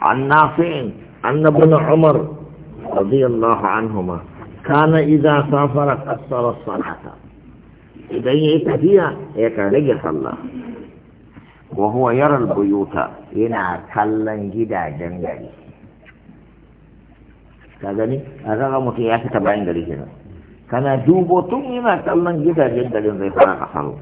عن نافع أن ابن عمر رضي الله عنهما كان إذا سافر قصر الصلاة إذا يتفيا يكالج صلى وهو يرى البيوت ينا كلن جدا جنجري kagani a kaga mutum ya fita bayan gari kenan kana dubo tun yana kallon gidajen garin zai fara kasaro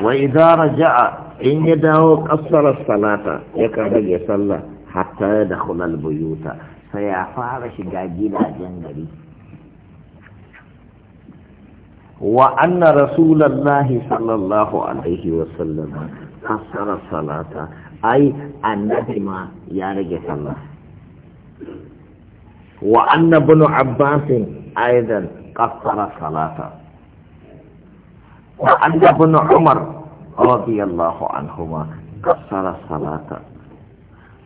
وإذا رجع إن يده قصر الصلاة يكاد يصلى حتى يدخل البيوت فارش شقاجين أجنبي وأن رسول الله صلى الله عليه وسلم قصر الصلاة أي النبي ما يارجع صلى وأن ابن عباس أيضا قصر الصلاة وعن ابن عمر رضي الله عنهما قصر الصلاة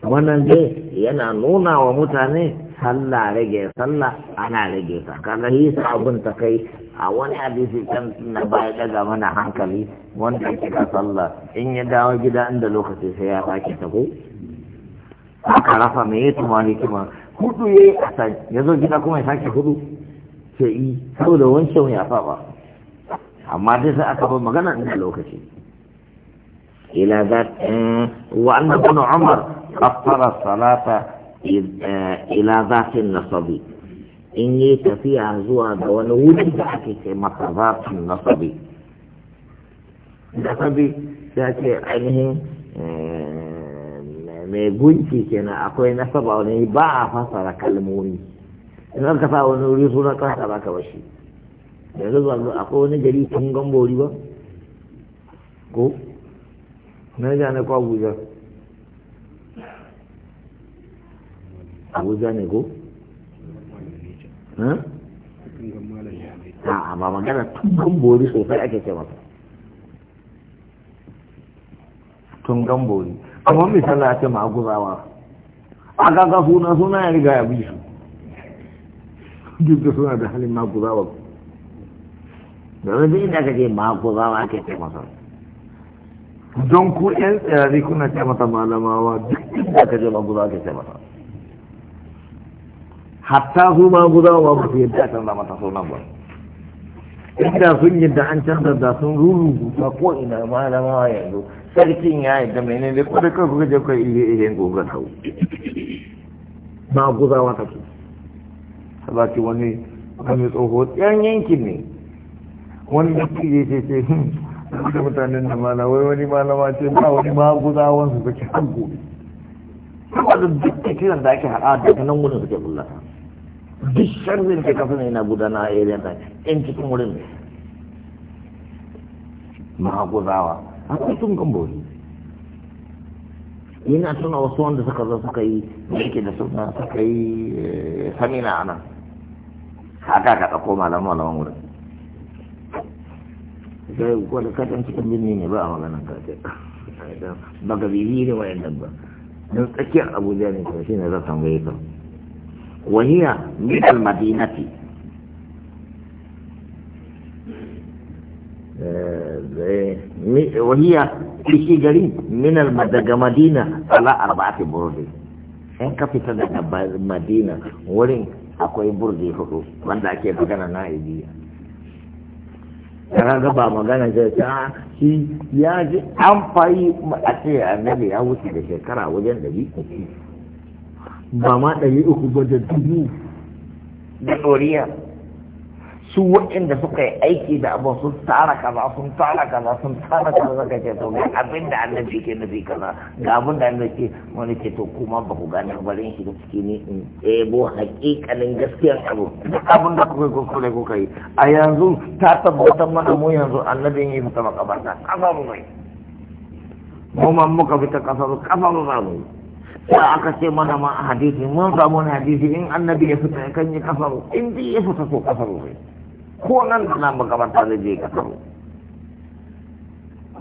wannan ne yana nuna wa mutane sallah rage sallah ana rage ta kaga yi abin ta kai a wani hadisi kan na baya daga mana hankali wanda yake ka sallah in ya dawo gida inda lokaci sai ya sake ta ko aka rasa me tuma hikima hudu yayi a san ya zo gida kuma ya sake hudu sai yi saboda wancan ya faɓa. amma dai sai aka bar magana ina lokaci ila that eh, wa anna ibn umar qaffara salata eh, ila nasabi in yi tafiya zuwa ga wani wuri da ake ce masa zatin nasabi nasabi ya ce ainihin eh, mai gunki kenan akwai nasaba wani ba a fasara kalmomi in aka sa wani wuri suna kasa baka bashi yanzu ba akwai wani gari sun gambori ba ko na ja ne kwa abuja abuja ne ko a ba magana tun gambori sosai ake ce masa tun gambori amma misali a ce ma guzawa a kaka suna suna ya riga ya bi su duk da suna da halin ma guzawa domin duk inda ka je maguzawa ake ce masa don ku yan tsirari kuna ce masa malamawa duk inda ka je maguzawa ake ce masa hatta su maguzawa ba su yadda a canza mata sunan ba inda sun yadda an canza da sun ruru ta ko ina malamawa yanzu sarkin ya yadda mai ne da kwadai kan kuka je kai ihe ihe gogon hau maguzawa ta su sabaki wani wani tsoho yan yankin ne wani dafi ya ce ce hmm, da mutanen da mana wai wani malama ce ba wani wansu su ke kan gobe saboda duk da kiran da ake haɗa daga nan wurin suke bullata duk sharrin ke kafin yana gudana a area da yan cikin wurin ne maguzawa tun sun bori. yana tuna wasu wanda suka zo suka yi da yake da suna suka yi eh, samina a nan haka ka ɗauko malamu malaman wurin sai kuwa da katon cikin birni ne ba a maganin kace ba ga bibi ne wayan nan ba don tsakiyar abuja ne ta shi ne za ta mai ka wahiya min al-madinati وهي في جري من المدينة مدينة على أربعة برد إن كفت مدينة ورين أكوي برد يفكو من ذاك يبقى نائبية ga ba magana ce ta shi ya ji an fayi a ce annabi ya wuce da shekara wajen ɗari uku ba ma ɗari uku ba da dubu da ɗoriya su waɗanda suka yi aiki da abu sun tsara kaza sun tsara kaza sun tsara kaza zaka ce to ga abin da annabi ke nufi kaza ga abin da annabi ke wani ce to kuma ba ku gane barin shi da suke ne in ɗebo hakikanin gaskiyar abu duk abin da kuka kuskure kuka yi a yanzu ta tabbatar mana mu yanzu annabin yi fita makabarta kafa mu mai mu ma muka fita kafa mu kafa mu ba mu sai aka ce mana ma a hadisi mun samu wani hadisi in annabi ya fita kan yi kafaru in dai ya fita so kafaru mai ko nan da nan makamanta zai je ka samu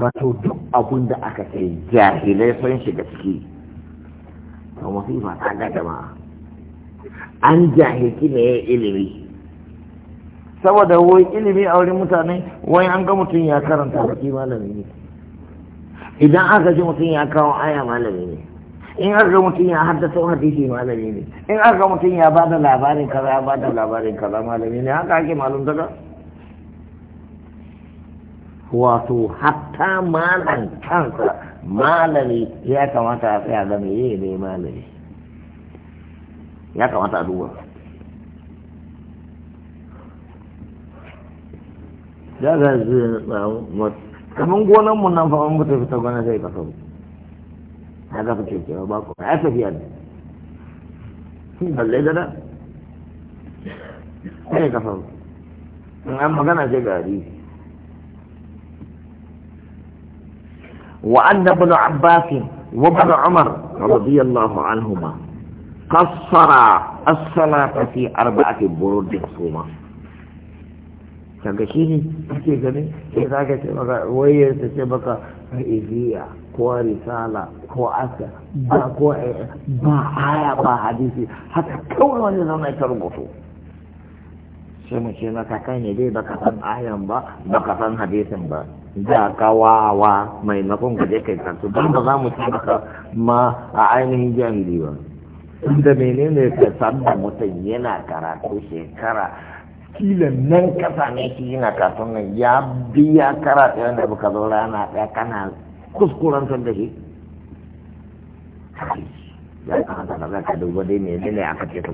wato duk abun da aka kai jahilai sun shiga ciki to musifa ta ga jama'a an jahilci ne ya ilimi saboda wai ilimi a wurin mutane wai an ga mutum ya karanta baki malami ne idan aka ji mutum ya kawo aya malami ne in aka ga mutum ya haddasa hadisi malami ne in aka ga mutum ya bada labarin kaza ya bada labarin kaza malami ne haka ake malum daga wato hatta malam kansa malami ya kamata a tsaya mai yi ne malami ya kamata a duba ya ga zai kamar gonan mu nan fa mun fita fita gona sai ka sauri هذا في يا باقا عفف يا ابني فالليدة لا أي كفر أما كان عزيب هذه وأن ابن عباس وابن عمر رضي الله عنهما قصر الصلاة في أربعة برود مصومة كان كشيني كيف كان كيف كان كيف كان كيف كان كيف كان كيف كان ko risala ko asa ba ko eh, ba aya ba hadisi haka kawai wani zama ya rubutu sai mu ce maka kai ne dai baka san ayan ba baka san hadisin ba da kawawa maimakon ka je kai kansu don ba za mu ce maka ma a ainihin jahili ba da menene ka san da mutum yana karatu shekara kila nan kasa ne shi yana kasuwan nan ya biya karatu yana buka zo rana ɗaya kana kuskuren kan da shi ya yi kaka tana zaka duba dai ne dai ne a kace ta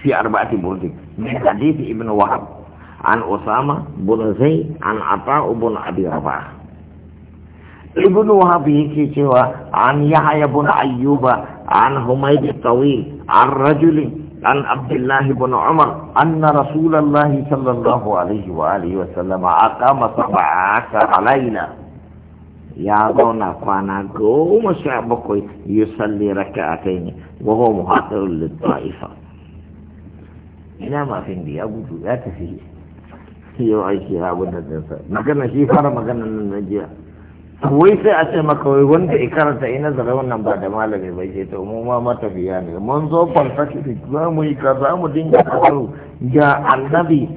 fi arba'ati burdi min hadith ibn wahab an usama bin zay an ata ibn abi rabah ibn wahab yake cewa an yahya ibn ayyuba an humayd tawil an rajulin عن عبد الله بن عمر أن رسول الله صلى الله عليه وآله وسلم أقام سبع عشر ليلة يا دونا فانا قوم شعبك يصلي ركعتين وهو مهاطر للطائفة إلى ما فين دي أبو لا هي يوعي كي أبو نجنسة مكان شيء فارا مكان النجيه wai sai a ce maka wai wanda ya karanta ina zara wannan ba da malami bai ce to mu ma matafiya ne mun zo fantastic za mu yi kaza mu dinga karu ga annabi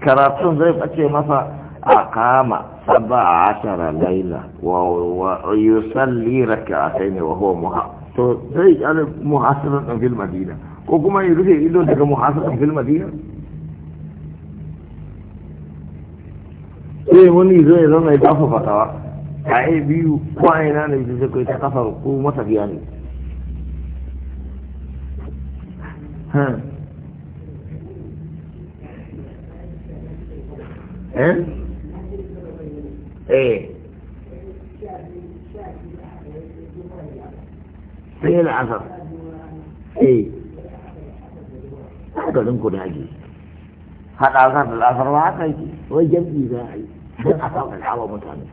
karatun zai face masa a kama saba ashara laila wa yusalli ne wa huwa muha to zai kare muhasiratan fil madina ko kuma yi rufe ido daga muhasara fil madina sai wani zai zama ya dafa fatawa kaye biyu ko a ina ne bisa kai ta kafar ko ne hmm. eh eh, eh. ku dage haɗa da la'asar haka yake wai jam'i za a yi don a mutane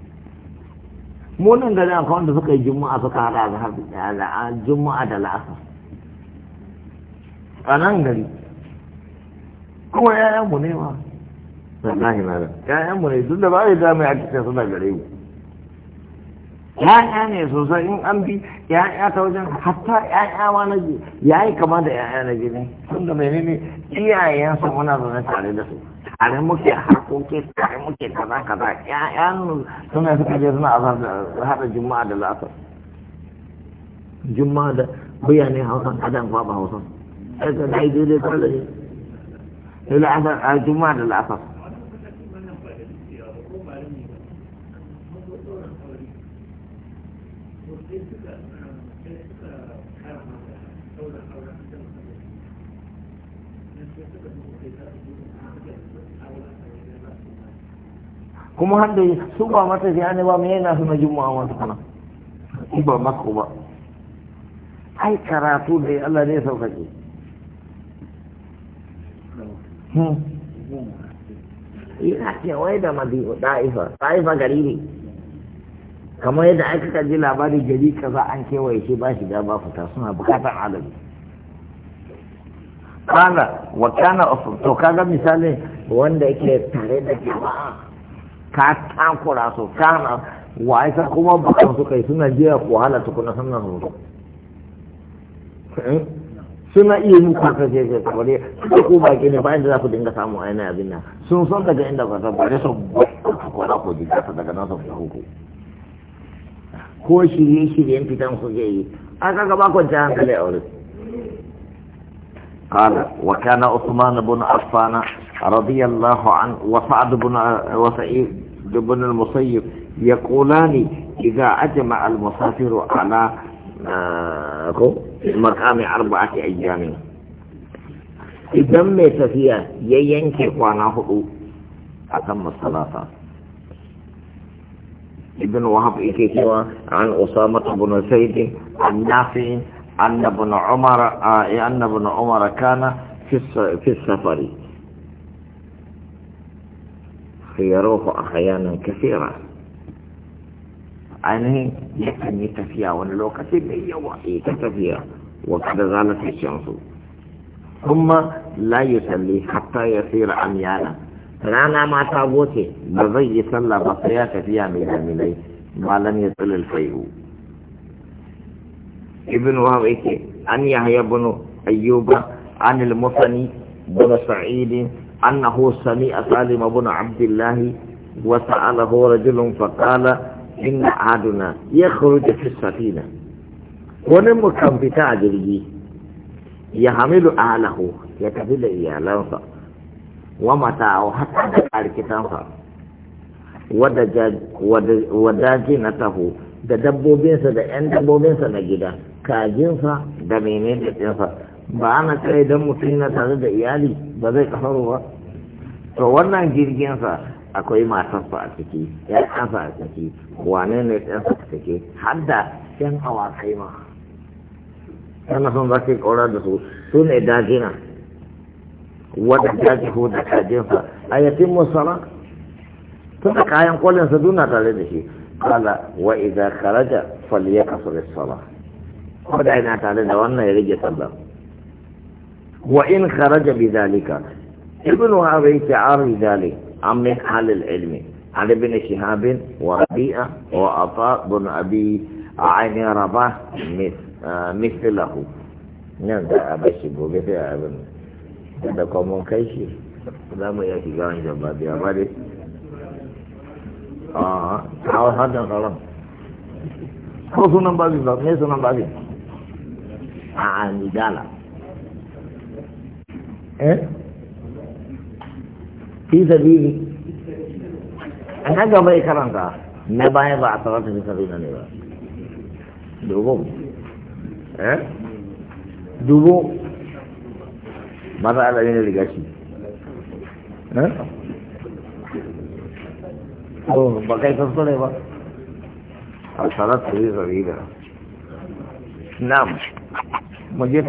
mu nan gari akwai wanda suka yi juma'a suka hada da har juma'a da la'asar a nan gari kuma yayanmu ne ma wallahi ma yayanmu ne duk da ba ya dama ya cikin suna gare mu ya'ya ne sosai in an bi ya'ya ta wajen hatta ya'ya ma na ji yayi kama da ya'ya na ji ne tun da menene iyayensa muna zaune tare da su tare muke harkoki tare muke kaza kaza ƴaƴan suna suka je suna azar da hada juma'a da la'asar juma'a da bayanai hausan adan kwaba hausan sai ka dai daidai kwallo ne sai la'asar a juma'a da la'asar kuma har su ba mata ne ba mai yana suna jin mu'amma su kana ba mako ba ai karatu da Allah ne sauƙaƙe yana hmm. kewaye da madihu da'ifa da'ifa gari ne kamar yadda aka ji labarin gari kaza an kewaye shi ba shiga ba fita suna bukatar alabi kala wa kana to kaga misali wanda yake tare da jama'a ka takura su kana wa aika kuma bakan su kai suna jiya ko hala ta tukuna sannan su hmm? suna iya yin kwasa ce ce kamar ya suka ko baki ne ba inda za ku dinga samu aina abin nan sun san daga inda ba zan bare su ko za ku dinga ta daga nan su fita huku ko shirye shiryen fitan ku zai yi aka gaba kwanci hankali a wurin قال وكان عثمان بن عفان رضي الله عنه وسعد بن وسعيد بن المصيب يقولان إذا أجمع المسافر على آه، مقام أربعة أيام اذا ما تفيا ينكي yanke هدو اتم الصلاه ابن وهب ibn عن أسامة بن سيد عن نافع أن ابن عمر آه، إيه، أن ابن عمر كان في السفر خيروه أحيانا كثيرا أنه يعني يكن يتفيا ونلوك سبيا ويتفيا وكذا زالت الشمس ثم لا يسلي حتى يصير عميانا رانا ما تابوتي بزي صلى بصيات فيها ميلا ميلي ما لم يصل الفيهو ibn wahab yake an yahya ibn ayyuba an al-musani ibn sa'id annahu sami'a salim ibn abdullah wa sa'alahu rajulun fa qala inna aduna yakhruj fi safina wani mukan fita a jirgi ya hamilu alahu ya tafi da iyalansa wa a hatta da karkitansa wadajinatahu da dabbobinsa da 'yan dabbobinsa na gida kajinsa da mene da ɗinsa ba ana kai don mutum na tare da iyali ba zai kafaru ba to wannan jirginsa akwai matarsa a ciki ƴaƴansa a ciki wane ne ɗansa a ciki har da ƴan awakai ma yana son za su ƙaura da su su ne dajina Wanda daji ko da kajinsa a yatin musala tun da kayan kwalinsa duna tare da shi kala wa idan kharaja falyakasur as-salah وإن خرج بذلك ابن أبي تعار بذلك عم أهل العلم علي ابن شهاب وربيعة وعطاء بن أبي عين رباه آه، مثله نعم ده أبشي يا ابن ده كومون كيشي لا ما يأتي كان جبال يا بادي آه حاول هذا الكلام خصوصا بعدين خصوصا بعدين a amidala eh fi sabili an ga bai karanta na baya ba a sarrafa fi sabila ne ba dubu eh dubu ba za a lalini riga shi eh ba kai sassare ba a sarrafa fi sabila Nam mu je